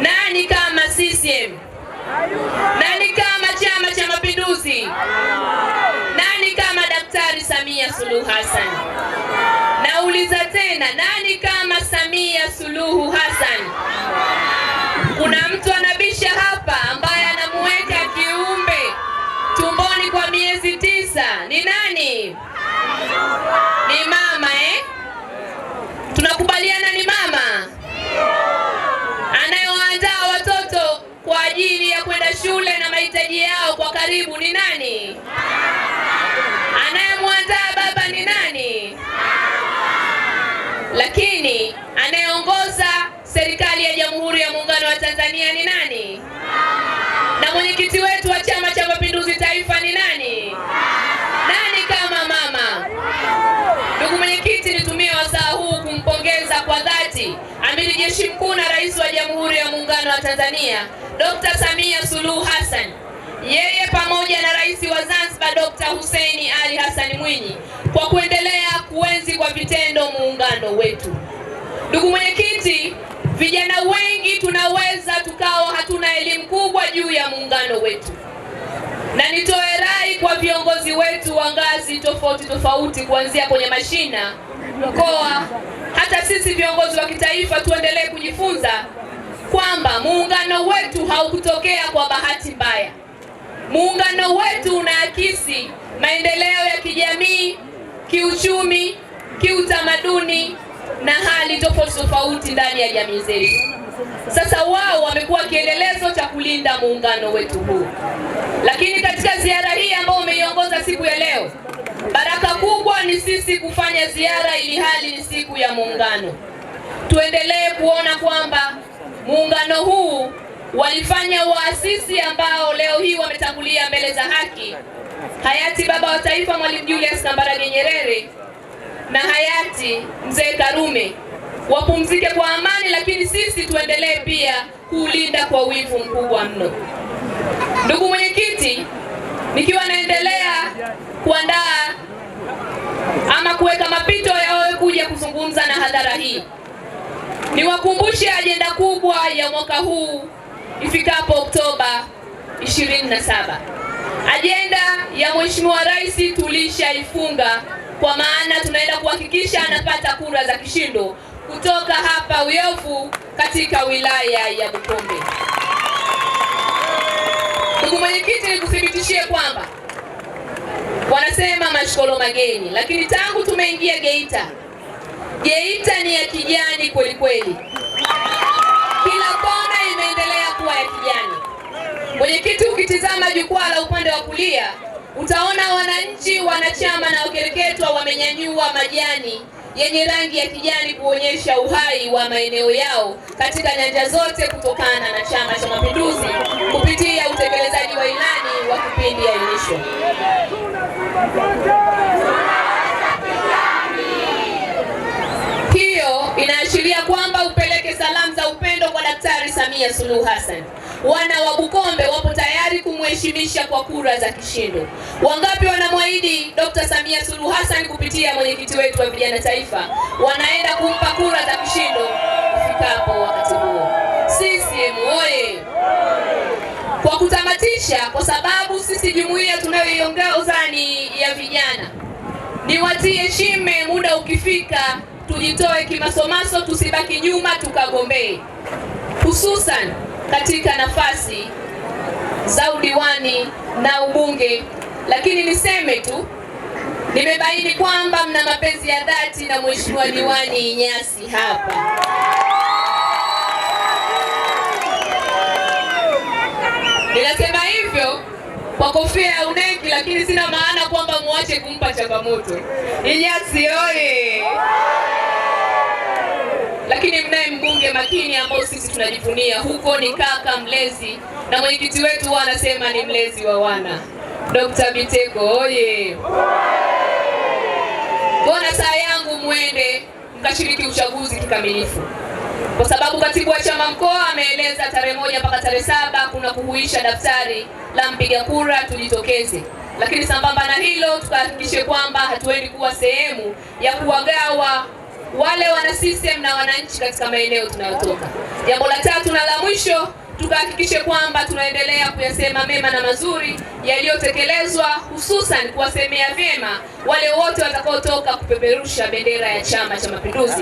Nani kama CCM? Nani kama Chama cha Mapinduzi? Nani kama Daktari Samia Suluhu Hassan? Nauliza tena, nani kama Samia Suluhu Hassan? Kuna mtu anabisha hapa ambaye anamuweka kiumbe tumboni kwa miezi tisa. Ni nani? Ni mama eh? Tunakubali kwa ajili ya kwenda shule na mahitaji yao kwa karibu ni nani? Anayemwandaa baba ni nani? Lakini anayeongoza serikali ya Jamhuri ya Muungano wa Tanzania ni nani? Na mwenyekiti wetu wa chama mkabidhi jeshi mkuu na rais wa Jamhuri ya Muungano wa Tanzania Dr. Samia Suluhu Hassan, yeye pamoja na rais wa Zanzibar Dr. Hussein Ali Hassan Mwinyi kwa kuendelea kuenzi kwa vitendo muungano wetu. Ndugu mwenyekiti, vijana wengi tunaweza tukawa hatuna elimu kubwa juu ya muungano wetu, na nitoe rai kwa viongozi wetu wa ngazi tofauti tofauti, kuanzia kwenye mashina, mkoa hata sisi viongozi wa kitaifa tuendelee kujifunza kwamba muungano wetu haukutokea kwa bahati mbaya. Muungano wetu unaakisi maendeleo ya kijamii, kiuchumi, kiutamaduni na hali tofauti tofauti ndani ya jamii zetu. Sasa wao wamekuwa kielelezo cha kulinda muungano wetu huu, lakini katika ziara hii ambayo umeiongoza siku ya sisi kufanya ziara ili hali ni siku ya Muungano. Tuendelee kuona kwamba muungano huu walifanya waasisi ambao leo hii wametangulia mbele za haki, hayati baba wa taifa Mwalimu Julius Kambarage Nyerere na hayati mzee Karume wapumzike kwa amani, lakini sisi tuendelee pia kuulinda kwa wivu mkubwa mno. Ndugu mwenyekiti, nikiwa naendelea kuandaa ama kuweka mapito ya wewe kuja kuzungumza na hadhara hii. Niwakumbushe ajenda kubwa ya mwaka huu ifikapo Oktoba 27. Ajenda ya Mheshimiwa Rais tulishaifunga kwa maana tunaenda kuhakikisha anapata kura za kishindo kutoka hapa Uyofu katika wilaya ya Bukombe. Ndugu mwenyekiti, nikuthibitishie kwamba wanasema mashkolo mageni, lakini tangu tumeingia Geita, Geita ni ya kijani kweli kweli, kila kona imeendelea kuwa ya kijani. Mwenyekiti, ukitizama jukwaa la upande wa kulia utaona wananchi, wanachama na wakereketwa wamenyanyua majani yenye rangi ya kijani kuonyesha uhai wa maeneo yao katika nyanja zote kutokana na Chama cha Mapinduzi kupitia utekelezaji wa ilani wa kipindi ainisho. Hiyo inaashiria kwamba upeleke salamu za upendo kwa Daktari Samia Suluhu Hassan wana wa Bukombe wapo tayari kumheshimisha kwa kura za kishindo. Wangapi wanamwahidi Dr. Samia Suluhu Hassan kupitia mwenyekiti wetu wa vijana taifa, wanaenda kumpa kura za kishindo ifikapo wakati huo. CCM oye! Kwa kutamatisha, kwa sababu sisi jumuiya tunayoiongoza ni ya vijana, niwatie shime, muda ukifika tujitoe kimasomaso, tusibaki nyuma tukagombee, hususan katika nafasi za udiwani na ubunge, lakini niseme tu nimebaini kwamba mna mapenzi ya dhati na mheshimiwa diwani Nyasi hapa. Ninasema hivyo kwa kofia ya uneki, lakini sina maana kwamba muache kumpa changamoto. Nyasi oye! Lakini mnaye mbunge makini ambao sisi tunajivunia huko, ni kaka mlezi na mwenyekiti wetu anasema ni mlezi wa wana Dr. Biteko oye! Mbona saa yangu mwende mkashiriki uchaguzi kikamilifu, kwa sababu katibu wa chama mkoa ameeleza tarehe moja mpaka tarehe saba kuna kuhuisha daftari la mpiga kura, tujitokeze. Lakini sambamba na hilo, tukahakikishe kwamba hatuendi kuwa sehemu ya kuwagawa wale wana system na wananchi katika maeneo tunayotoka. Jambo la tatu na la mwisho, tukahakikishe kwamba tunaendelea kuyasema mema na mazuri yaliyotekelezwa, hususan kuwasemea vyema wale wote watakaotoka kupeperusha bendera ya Chama cha Mapinduzi.